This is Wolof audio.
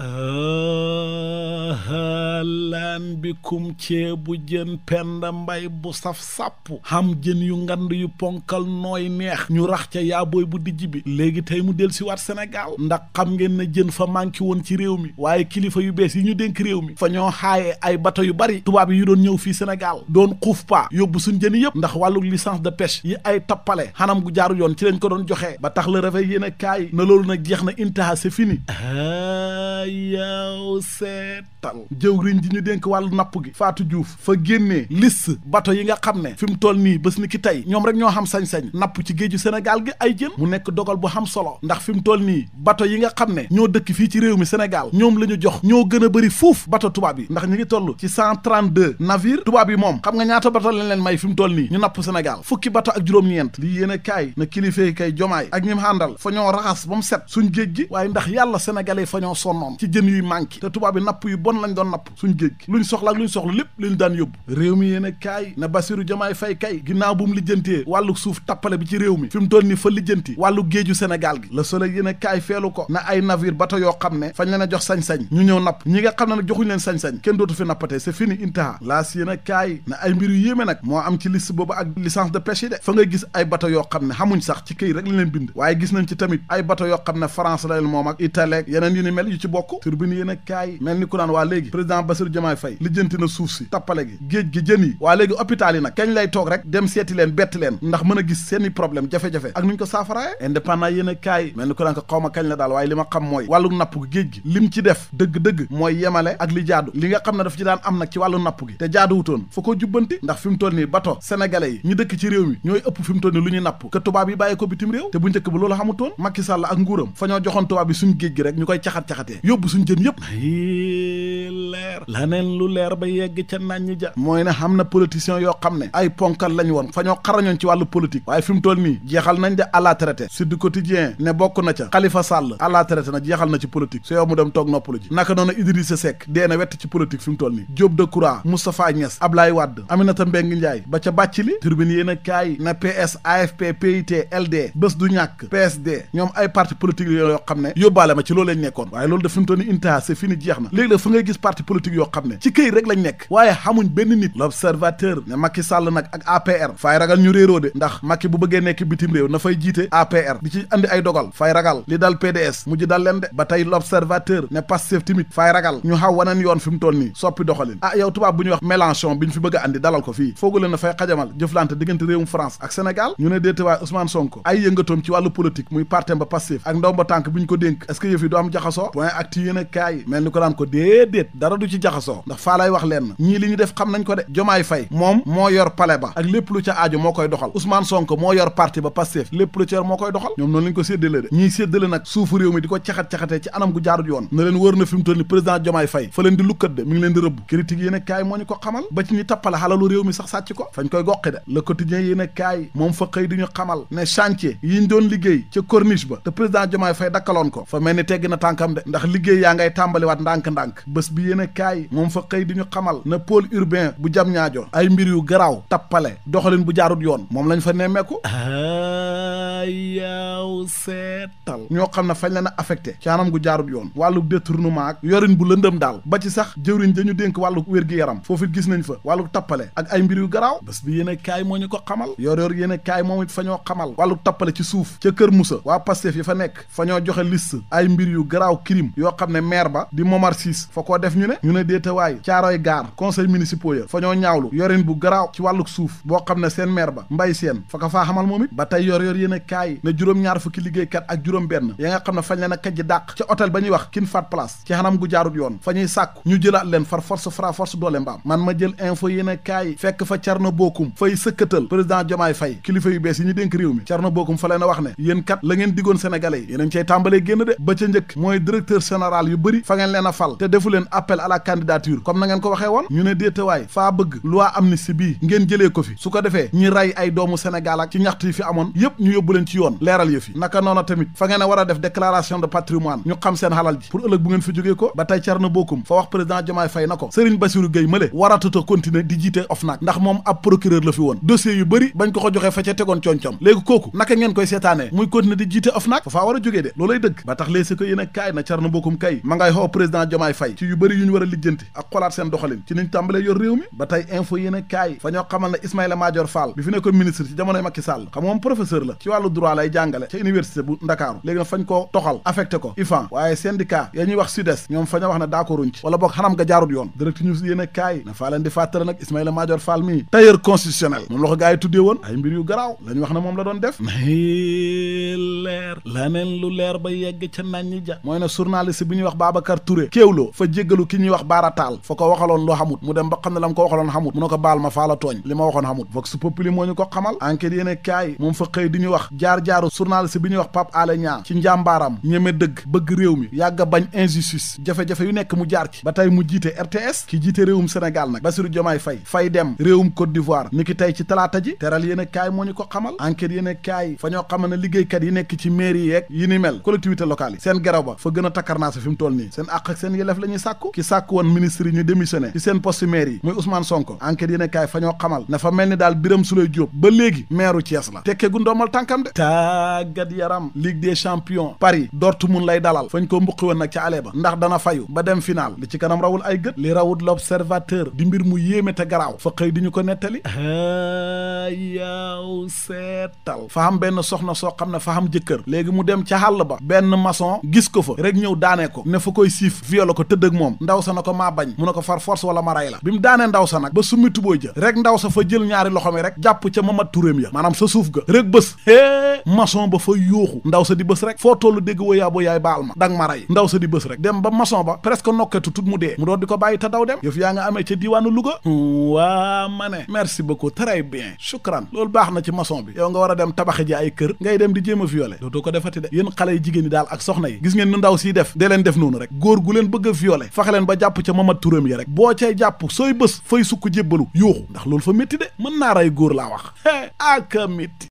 Oh. ahlan bikum ceebu jën penda mbay bu saf sàpp xam jën yu ngand yu ponkal nooy neex ñu rax ca yaabooy bu dijj bi léegi tey mu del si waat Sénégal ndax xam ngeen ne jën fa manqué woon ci réew mi waaye kilifa yu bees yi ñu dénk réew mi fa ñoo xaaye ay bata yu bari tubaab yi yu doon ñëw fii Sénégal doon xuuf paa yóbbu suñ jën yëpp ndax wàllu licence de pêche yi ay tappale xanam gu jaaru yoon ci lañ ko doon joxee ba tax la Réveil yéen a kaay na loolu nag jeex na intaha c'est fini ah, jëwriñ ji ñu dénk wàllu napp gi Fatou Diouf fa génnee liste bato yi nga xam ne fi mu toll nii bés ni ki tey ñoom rek ñoo xam sañ-sañ napp ci géeju Sénégal gi ay jën mu nekk dogal bu xam solo ndax fi mu toll nii bato yi nga xam ne ñoo dëkk fii ci réew mi Sénégal ñoom la ñu jox ñoo gën a bëri fuuf bato tubaab yi ndax ñu ngi toll ci cent trente-deux navire tubaab yi moom xam nga ñaata bato lañ leen may fi mu toll nii ñu napp Sénégal fukki bato ak juróom-ñeent lii yéen kilifa yi kay jomaay ak ñim àndal fa ñoo géej gi waaye ndax yàlla sénégalais fa ñoo sonnoon ci jën yuy manqué te tubaab yi napp yu bon lañ doon napp suñ géej gi luñ soxla ak luñ soxla lépp lañu daan yóbbu réew mi yéen a kaay na Bassirou Diomaye Faye kay ginnaaw bu mu lijjantee wàllu suuf tappale bi ci réew mi fi mu toll ni fa lijjanti wàllu géeju Sénégal gi la Soleil yéen a kaay feelu ko na ay navire bato yoo xam ne fañ leen a jox sañ-sañ ñu ñëw napp ñi nga xam ne nag joxuñ leen sañ-sañ kenn dootu fi nappatee c'est fini intaha laas yéen a kaay na ay mbir yéeme nag moo am ci liste boobu ak licence de pêche yi de fa nga gis ay bato yoo xam ne xamuñ waaye gis nañ ci tamit ay bato yoo xam ne France la leen moom mel yu ci bokk mel ni ku naan waa léegi président Bassirou Diomaye Faye lijjanti na suuf si tappale gi géej gi jën yi waa léegi hôpital yi nag kañ lay toog rek dem seeti leen bett leen ndax mën a gis seeni problème jafe-jafe ak nuñ ko saafaraaye indépendant yéen a kaay mel ni ko daanaka xaw ma kañ la daal waaye li ma xam mooy wàllu napp gi géej gi lim ci def dëgg-dëgg mooy yemale ak li jaadu li nga xam ne daf ci daan am nag ci wàllu napp gi te jaaduwutoon fa ko jubbanti ndax fi mu toll nii bato sénégalais yi ñu dëkk ci réew ñooy ëpp fi mu toll nii lu ñuy napp que yi bàyyi ko bitim réew te bu njëkk Sall ak nguuram fa ñoo joxoon tubaab bi suñ géej gi rek ñu koy caxat-caxatee yóbbu leer laneen lu leer ba yegg ca naññ ja mooy ne xam na politiciens yoo xam ne ay ponkal lañ woon fa ñoo xarañoon ci wàllu politique waaye fi mu nii jeexal nañ de à la traité Sud ne bokk na ca Khalifa Sall à la traité na jeexal na ci politique su yow mu dem toog noppalu ji naka noonu Idrissa Seck dee na wett ci politique fi mu toll nii Diop Decroix Moustapha Niass Ablaye Wade Aminata Mbengue Ndiaye ba ca bàcc li turbine yéen a kaay na PS AFP PIT du ñàkk PSD ñoom ay parti politique yoo xam ne yóbbaale ma ci loolu lañ nekkoon waaye loolu da fi mu toll nii intaha politique yoo ci këy rek lañ nekk waaye xamuñ benn nit l'observateur ne Macky Sall nag ak APR fay ragal ñu réeroo de ndax Macky bu bëggee nekk bitim réew na fay jiite APR di ci andi ay dogal fay ragal li dal PDS mujj dal leen de ba tey l'observateur ne Pastef tamit fay ragal ñu xaw waneen yoon fi mu nii soppi doxalin ah yow tubaab bu ñuy wax Mélenchon bi ñu fi bëgg a dalal ko fii foogu na fay xajamal jëflante diggante réewum France ak Sénégal ñu ci jaxasoo ndax faa lay wax leen ñii li ñu def xam nañ ko de jomaay fay moom moo yor pale ba ak lépp lu ca aaju moo koy doxal Ousmane Sonko moo yor parti ba Pastef lépp lu ca yor moo koy doxal ñoom noonu lañ ko séddale de ñiy séddale nag suufu réew mi di ko caxat-caxatee ci anam gu jaarut na leen wër na fi mu président jomaay fay fa leen di lukkat de mi ngi leen di rëbb critique yéen a moom fa xëy di ñu xamal ne chantier yiñ doon liggéey ay moom fa xëy di ñu xamal na pôle urbain bu jam ñaajo ay mbir yu garaaw tappale doxalin bu jaarut yoon moom lañ fa nemmeeku yaaw seetal ñoo xam ne fañ la a affecté ci anam gu jaarut yoon wàllu détournement ak yorin bu lëndam daal ba ci sax ja ñu dénk wàllu wér-gi-yaram foofu gis nañ fa wàllu tappale ak ay mbir yu garaaw bés bi yéen a kaay moo ñu ko xamal yor yor yéen kaay moom it fa ñoo xamal wàllu tappale ci suuf ca kër musa waa Pastef yi fa nekk fa ñoo joxe liste ay mbir yu garaaw crime yoo xam ne maire ba di Momar Cisse fa koo def ñu ne ñu ne déetawaay caaroy gaar conseil municipaux ya fa ñoo ñaawlu yorin bu garaaw ci wàllu suuf boo xam ne seen maire ba mbay seen fa ko faa xamal moom it ba tey yor yor yéen kaay ne juróom-ñaar fukki liggéeykat ak juróom benn ya nga xam ne fañ leen a kajji dàq ca hôtel ba ñuy wax kin fat place ci xanam gu jaarut yoon fa ñuy sàkku ñu jëlaat leen far force fra force doole mbaam man ma jël info yéen kaay fekk fa carna bokkum fay sëkkatal président yu sa candidature comme na ngeen ko waxee woon ñu ne déetewaay faa bëgg loi amnistie bii ngeen jëlee ko fi su ko defee ñi rey ay doomu Sénégal ci ñaxtu yi fi amoon yëpp ñu yóbbu leen ci yoon leeral yëf yi naka noona tamit fa ngeen war a def déclaration de patrimoine ñu xam seen xalal ji pour ëllëg bu ngeen fi jógee ko ba tey car na bokkum fa wax président Diomaye Faye na ko Serigne Bassirou Gueye mële waratuta continuer di jiite OFNAC ndax moom ab procureur ko ko joxee fa ca tegoon lijjanti ak xolaat seen doxalin ci niñ tàmbalee yor réew mi ba tey info yéen a kaay fa ñoo xamal ne Ismaïla Madior Fall bi fi nekkoon ministre ci jamonoy Macky Sall xam moom professeur la ci wàllu droit lay jàngale ca université bu Ndakaaru léegi nag fañ ko toxal affecté ko IFAN waaye syndicat ya ñuy wax SUDES ñoom fa ñoo wax ne d'accorduñ ci wala boog xanam nga yoon direct news yéen a kaay na faa leen di fàttale nag Ismaïla Madior Fall wax baara taal ko waxaloon loo xamut mu dem ba xam ne la ko waxaloon xamut mu ne ko baal ma li ma waxoon xamut vox populi moo ñu ko xamal enquête yéene kaay jaar-jaaru journaliste wax Pape Alé Niang dëgg bëgg réew mi yàgg bañ injustice jafe yu nekk mu jaar ci ba tey mu jiite RTS ki jiite réewum Sénégal nag Bassirou Diomaye Faye fay dem réewum Côte d'Ivoire ni ki tey ci talaata ji teral yéene kaay moo ñu ko xamal enquête yéene kaay fa ñoo xamal ne liggéeykat yi nekk ci mairie yeeg yi ni mel collectivité locale yi seen geraw ba fa gën a takkarnaasa fi mu nii seen àq ak seen yelef la ñuy sàkku ki sàkku sàkk ministre yi ñu démissionné ci seen poste maire yi muy Ousmane Sonko enquête yéen fa ñoo xamal na fa mel ni daal Birame Souleye jóob ba léegi maireu Thiès la tekkee gu ndoomal tànkam de tàggat yaram Ligue des champions Paris Dortmund lay dalal fañ ko mbuqi woon nag ca ale ba ndax dana fayu ba dem final li ci kanam rawul ay gët li rawut l'observateur di mbir mu yéeme te garaaw fa xëy di ñu ko nettali yaaw seetal fa xam benn soxna soo xam ne fa xam jëkkër léegi mu dem ca xàll ba benn maçon gis ko fa rek ñëw daanee ko ne fa koy siif violé ko tëdd ak sa na ko maa bañ mu ne ko far force wala ma ba summi tubooy ja ba di ma dang ma ray ndaw sa di bés rek ba ko bàyyi ta daw dem yëf yaa nga amee ca diiwaanu Louga waa ma ne merci beaucoup très bien shukran loolu baax na ci maçon bi yow nga war a dem tabaxi ji ay kër ngay dem di jéem a violer dootoo ko defati de yéen xale yi jigéen yi daal ak soxna yi gis ngeen nu ndaw siy def dee leen def noonu rek góor gu leen bëgg a violer leen ba jàpp ca mamat turam ya rek boo cay jàpp sooy bës fay sukk jébbalu yooxu ndax loolu fa métti de mën naa rey góor laa wax hee aka métti